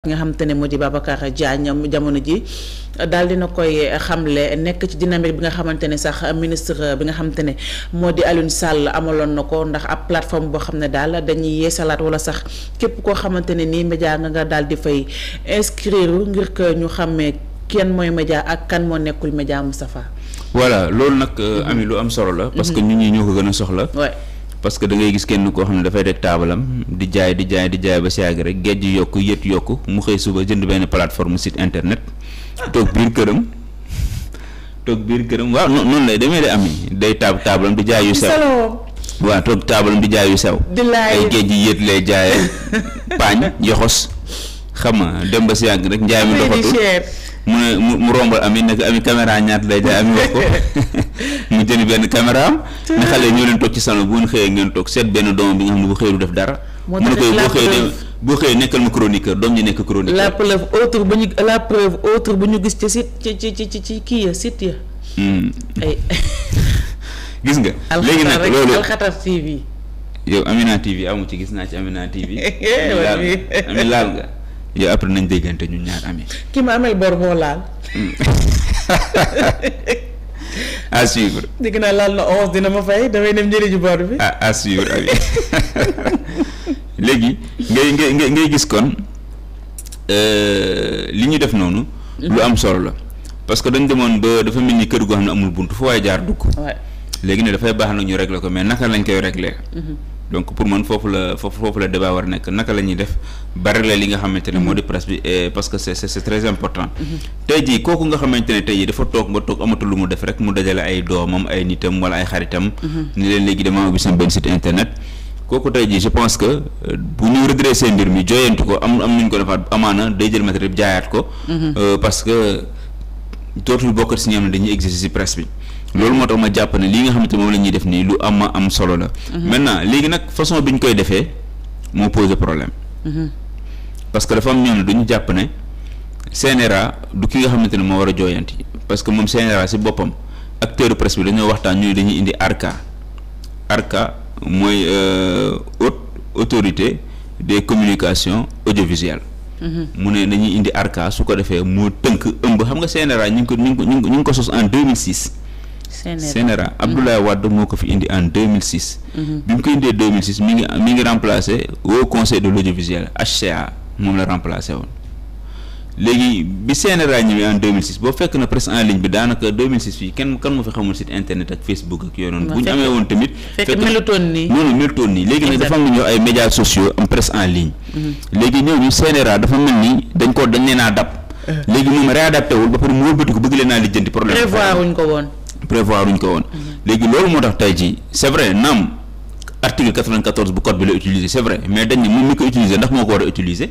nga xam ne moo di Babacar Diagne jamono ji daal dina koy xamle nekk ci dynamique bi nga xamante ne sax ministre bi nga xamante ne moo di Alioune Sall amaloon na ko ndax ab plateforme boo xam ne daal dañuy yeesalaat wala sax képp koo xamante ne nii média nga nga daal di fay inscrire ngir que ñu xàmmee kenn mooy média ak kan moo nekkul média Moustapha wala loolu nag euh, ami lu am solo la parce que mm-hmm. ñun ñi ñoo ko gën soxla parce que da ngay gis kenn koo xam ne dafay teg taabalam di jaay di jaay di jaay ba si yàgg rek géej yokk yët yokk mu xëy suba jënd benn plateforme site internet toog biir këram toog biir këram waaw noonu lay demee de am yi day taab taabalam di jaay yu sew waaw toog taabalam di jaay yu sew ay géej yi yët lay jaayee paañ yoxos xam nga dem ba si yàgg rek njaay mi doxatul mu ne mu romb ami nekk ami caméra ñaat lay jaay ami wax ko mu jënd benn caméra am ne xale ñoo leen toog ci salon bu ngeen xëyee ngeen toog seet benn doomam bi nga xam ne bu xëyee du def dara mu ne koy boo xëyee boo nekkal ma chroniqueur doom ñi nekk chroniqueur la la preuve autre bu ñu gis ci sit ci ci ci kii ya sit ya hmm. gis nga léegi nag loolu Alxatar TV yow TV amu ci gis naa ci Amina TV ami laal nga yow après nañ déggante ñun ñaar amee. ki ma amel bor laal. à dégg naa laal na onze dina ma fay damay dem njëriñu bor bi. ah à suivre léegi ngay ngay ngay gis kon euh, li ñu def noonu. lu am solo la. parce que dañ demoon ba dafa mel ni kër goo xam ne amul bunt fu waaye jaar dugg. léegi ne dafay baax na ñu régler ko mais naka lañ koy régler. Mhm. donc pour man foofu la foofu foofu la débat war nekk naka la ñuy def bari la li nga xamante ne moo de presse bi eh, parce que c'est c'est très important mm-hmm. tey jii kooku nga xamante ne tey jii dafa toog ba toog amatul lu mu def rek mu dajale ay doomam ay nitam wala ay xaritam mm-hmm. ni leen léegi damaa ubbi seen benn site internet jii je pense que euh, bu ñu redressé mbir mi jooyantu ko am am nuñ ko defaat amaana day jël matériel jaayaat ko mm-hmm. euh, parce que dootul bokkat si ñoom ne dañuy exister si presse bi loolu moo tax ma jàpp ne lii nga xamante moom la ñuy def nii lu am am solo la. Mhm. maintenant léegi nag façon bi ñu koy defee moo pose problème. Mhm. parce que dafa am ñooñu du ñu jàpp ne CNRA du ki nga xamante ne moo war a yi parce que moom CNRA si boppam acteur presse bi dañoo waxtaan ñu dañuy indi ARCA ARCA mooy euh, haute autorité des communications audiovisuelles. Mhm. mu ne dañuy indi ARCA su ko defee mu tënk ëmb xam nga CNRA ñu ngi ko ñu ngi ko sos CNRA Abdoulaye mm-hmm. Wade moo ko fi indi en 2006. Mm-hmm. bi mu ko indee 2006 mi ngi mi ngi remplacé au conseil de l'audiovisuel HCA moom la remplacé woon léegi bi CNRA ñëwee boo fekk na presse en ligne bi daanaka 2006 fii kenn kan mu fi xamul site internet ak Facebook yooyu noonu. bu ñu amee woon tamit. fekk melutoon nii noonu melutoon nii. léegi nag dafa am lu ñuy ay médias sociaux am presse en ligne. Mm-hmm. léegi ñooñu CNRA dafa mel ni dañ ko dañ leen a dab. Euh. léegi moom réadapté wul ba pare mu wëlbati ko bëgg leen a lijjanti woon. prévoir uñ ko woon léegi loolu moo tax tey jii c'est vrai naam article 94 bu code bi la utiliser c'est vrai mais dañ ne moom mi ko utiliser ndax moo ko war a utiliser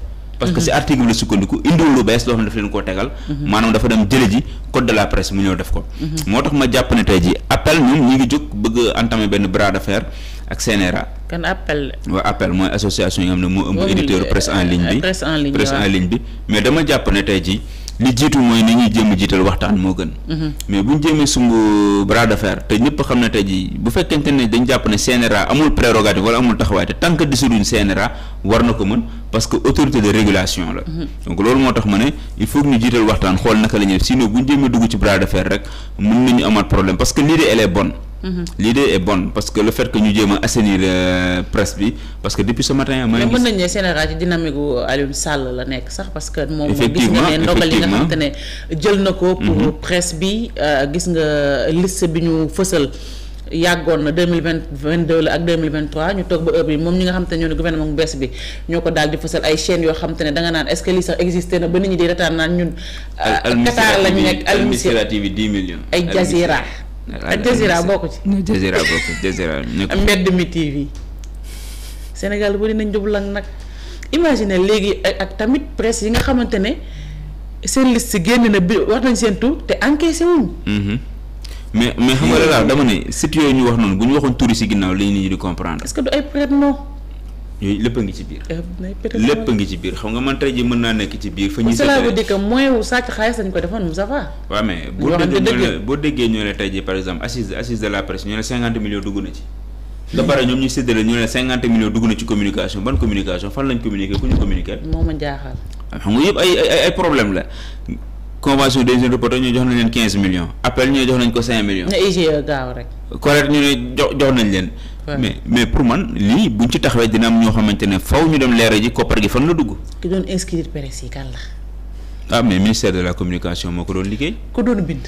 parce que si article bi la sukkandiku indiwul lu bees loo xam ne daf leen koo tegal mhm. maanaam dafa dem jële ji code de la presse mu ñëw def ko mhm. moo tax ma jàpp ne tey ji appel ñun ñi ngi jóg bëgg entamer benn bras de fer ak CNRA. kan appel waaw mooy association yi nga xam ne moo ëmb éditeur presse en ligne bi euh, presse en ligne bi mais dama jàpp ne ji li jiitu mooy ni ñuy jéem jiital waxtaan moo gën. Mm-hmm. mais bu ñu jéemee sumb bras de te ñëpp xam ne te jii bu fekkente ne dañ jàpp ne CNRA amul prérogative wala amul taxawaay te tant que déciduñ CNRA war na ko mën parce que autorité de régulation la. Mm-hmm. donc loolu moo tax ma ne il faut que ñu jiital waxtaan xool naka la ñuy def sinon bu ñu dugg ci bras de fer rek mën nañu amaat problème parce que l'idée elle bon l'idée est bonne parce que le fait que ñu jéem a assainir euh, presse bi parce que depuis ce matin. maa ngi gis mais mën nañu ne Sénégal ci dynamique gu Aliou la nekk sax parce que. moom moom gis nga ne ndogal yi nga xamante jël na ko. pour mhm. presse bi euh, gis nga liste bi ñu fësal. yàggoon na deux ak ñu toog ba heure bi moom ñi nga xam ne ñoo ne gouvernement bu bees bi ñoo ko daal di fësal ay chaînes yoo xam te ne danga naan est-ce que sax existé na ba nit ñi di retaan naan ñun. Euh, Qatar lañu ay Jazeera. ak Jazeera ko ci. Jazeera bokku Jazeera nekk mbedd mi TV. Sénégal bari nañ jublan nag imagine léegi ak tamit presse yi nga xamante ne seen liste génn na bi wax nañ seen tur te encaissé wuñ. Mm-hmm. mais mais xam nga daal dama ne sit yooyu ñu wax noonu bu ñu waxoon tur yi si ginnaaw lañu nit ñi di comprendre. est du ay prête non. yooyu lépp a ngi ci biir. Euh, lépp ngi ci biir xam nga man tey ji mën naa nekk ci biir. fa ñuy seetlee cela veut dire que moyen wu sàcc xaalis dañ ko defoon Moussa Fa. waaw mais boo déggee ñu ne boo déggee ji par exemple assise assise de la presse ñu ne cinquante millions dugg na ci. ba pare ñoom ñu séddale ñu ne cinquante millions dugg na ci communication ban communication fan lañ communiqué ku ñu communiqué. moo ma jaaxal. xam nga yëpp ay ay ay problème la. convention des jeunes reporters ñu jox nañ leen quinze millions appel ñu jox nañ ko cinq millions. correct ñu ne jox jox nañ leen. mais mais pour man lii buñ ci taxawee dina am ñoo xamante ne faw ñu dem leeral ji koppar gi fan la dugg. ki doon inscrire presse yi la. ah mais ministère de la communication moo ko doon liggéey. ko doon bind.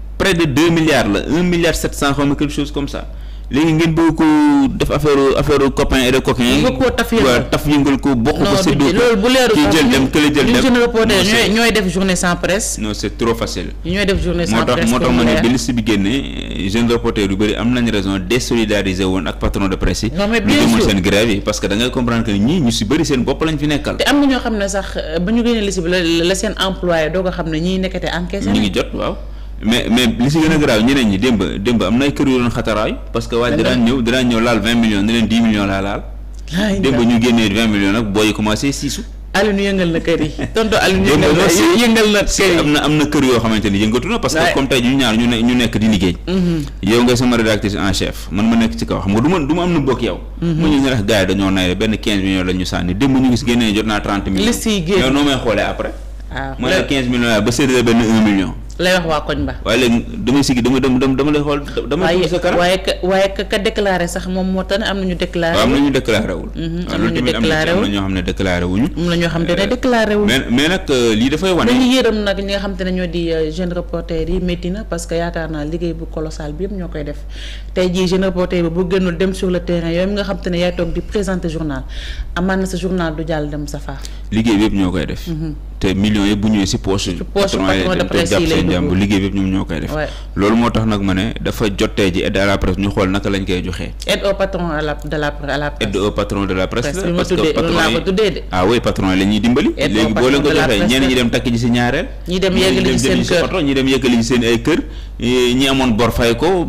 près de deux milliards la un milliard sept cent comme ça léegi ngeen bëgg ko def affaire affaire copain et de coquin yi. waaw taf yëngal ko bokk ko séddoo. loolu bu leerul kii jël dem kële jël dem. moo tax moo tax ma ne bi liste bi génnee jeune reporter yu bëri am nañu raison désolidariser woon ak patron de presse yi. non mais bien seen grève yi parce que da ngay comprendre ñii ñu si bëri seen bopp lañ fi nekkal. te am na ñoo xam ne sax euh, ba ñu génnee liste bi la mais mais li si gën a garaaw ñeneen ñi démb démb am na ay kër yu doon xataraay parce que waaye dinaan ñëw dinaan ñëw laal vingt millions ne yoo xamante ni yëngatu na parce que comme tey ñu ñaar ñu ne ñu nekk di liggéey mm-hmm. yow nga sama mm-hmm. noo may xoolee après ah, ma ne quinze millions ba séddale benn un million lay wax waa koñ ba. waaye léegi damay sigi dama dama dama lay xool dama. sa kanam waaye ka waaye ka déclaré sax moom moo tax ne am na ñu déclaré. am na ñu wul. Mhm, am na ñoo xam ne déclaré wuñu. am na ñoo xam ne eh, déclaré wuñu. mais mais nag euh, lii dafay wane. dañu yërëm ñi nga xam te ne ñoo di euh, jeune reporter yi métti na parce que yaakaar naa liggéey bu colossal bi yëpp ñoo koy def tey jii jeune reporter bi bu gënul dem sur le terrain yooyu nga xam te ne yaay toog di présente journal amaan na sa journal du jàll dem sa faa. liggéey bi yëpp ñoo koy def mhm. te millions yëpp bu ñëwee si poche. ci poche patron de presse yi lay dugg liggéey bi ñoom ñoo koy def. loolu moo tax nag ma ne dafa jottee ji aide à la presse ñu xool naka lañ koy joxee. aide au patron à la de la à la presse. aide au patron de la presse. parce que patron yi ah oui patron yi la ñuy dimbali. léegi boo leen ko joxee ñeneen ñi dem takk ji si ñaareel. ñi dem yëgali ci seen kër ñi dem yëgali ci seen ay kër ñi amoon bor fay ko.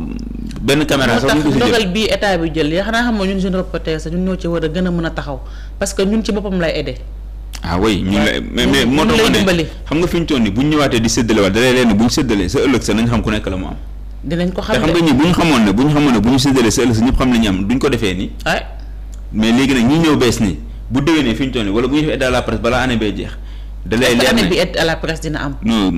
benn caméra sax ñu ko si jël dogal bii état bi jël yaa xanaa xam nga ñun jeune reporter sax ñun ñoo ci war a gën a mën a taxaw parce que ñun ci boppam lay aider ah oui ñu lay mais mais moo tax ma ne xam nga fi ñu toon bu ñu ñëwaatee di séddale waat dalee leen bu ñu séddalee sa ëllëg sa nañ xam ku nekk la mu am. te xam nga ñi bu ñu xamoon ne bu ñu ñu séddalee sa ëllëg sa ñëpp xam la ñu am duñ ko defee nii. mais léegi nag ñi ñëw bees nii bu déwénee fi ñu toon ni wala bu ñu def état la presse balaa année bee jeex da lay leer ne bi aide à la presse dina am.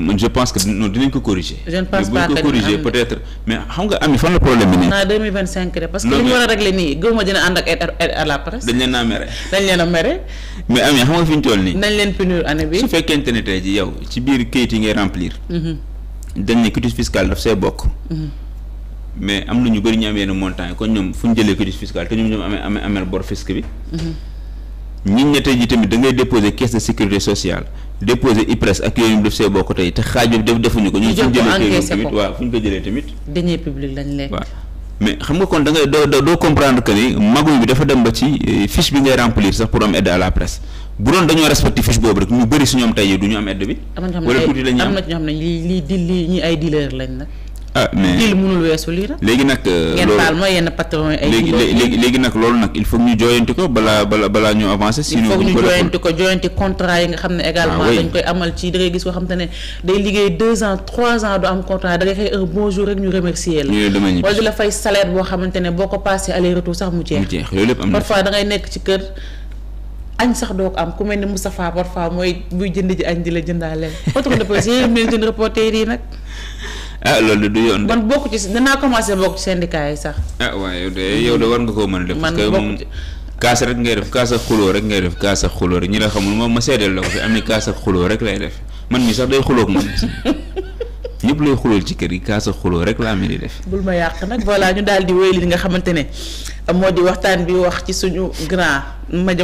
non je pense que non dinañ ko corriger. je ne pense pas que dinañ ko corriger peut être mais xam nga ami fan la problème bi. non 2025 de parce que li mu war a régler nii gëw dina ànd ak aide à la presse. dañ leen a mere. dañ leen a mere. mais ami xam nga fi ñu toll nii. nañ leen punir année bi. su fekkente ne tey ji yow ci biir kayit yi ngay remplir. Mhm. dañ ne quitus fiscal daf see bokk. Mhm. mais am na ñu bëri ñu am yenn montant yi kon ñoom fu ñu jëlee quitus fiscal te ñoom ñoom amee amee ñi ña tey ji tamit da ngay déposer caisse de sécurité sociale déposer IPRES ak yooyu ñu def see bokk tey te xaaju def defuñu ko. ñu jël ko encaissé fu ñu ko jëlee tamit. deniers publics lañ lekk. waaw mais xam nga kon da ngay doo doo comprendre que ni magum bi dafa dem ba ci euh, fiche bi ngay remplir sax pour am aide à la presse. bu doon dañoo respecté fiche boobu rek ñu bëri si ñoom tey du ñu am aide bi. wala tuuti la ñuy am na ñoo xam ne lii lii lii ñi ay dealer ah mais lii mënul weesu lii la. léegi nag euh, loolu baal ma yenn patron ay. léegi léegi nag loolu nag il faut ñu jooyanti ko balaa balaa ñu avancer. sinon il faut ñu jooyanti ko jooyanti contrat yi nga xam ne. Ah, également dañ koy amal ci da gis koo xam ne day liggéey deux ans trois ans du am contrat da ngay xëy un bon jour rek ñu remercier la. wala di la fay salaire boo xamante ne boo ko passé aller retour sax mu jeex. mu jeex loolu lépp am na parfois da ngay nekk ci kër. añ sax doo ko am ku mel mooy buy jënd ji añ di la jëndaale. autre a ah loolu du yoon de. man bokk ci danaa commencé bokk ci syndicat yi sax. ah waaw yow de yow de war nga koo mën de def. man bokk ci kaas rek ngay def kaas ak xuloo rek ngay def kaas ak xuloo rek ñi la xamul moom ma seedeel la ko fi am ni kaas ak xuloo rek lay def man mi sax day xuloo ak man. ñëpp lay ci kër gi kaasa xuloo rek la amee di def. bul ma yàq nag voilà ñu daal di wéy li nga xamante ne moo di waxtaan bi wax ci suñu grand ma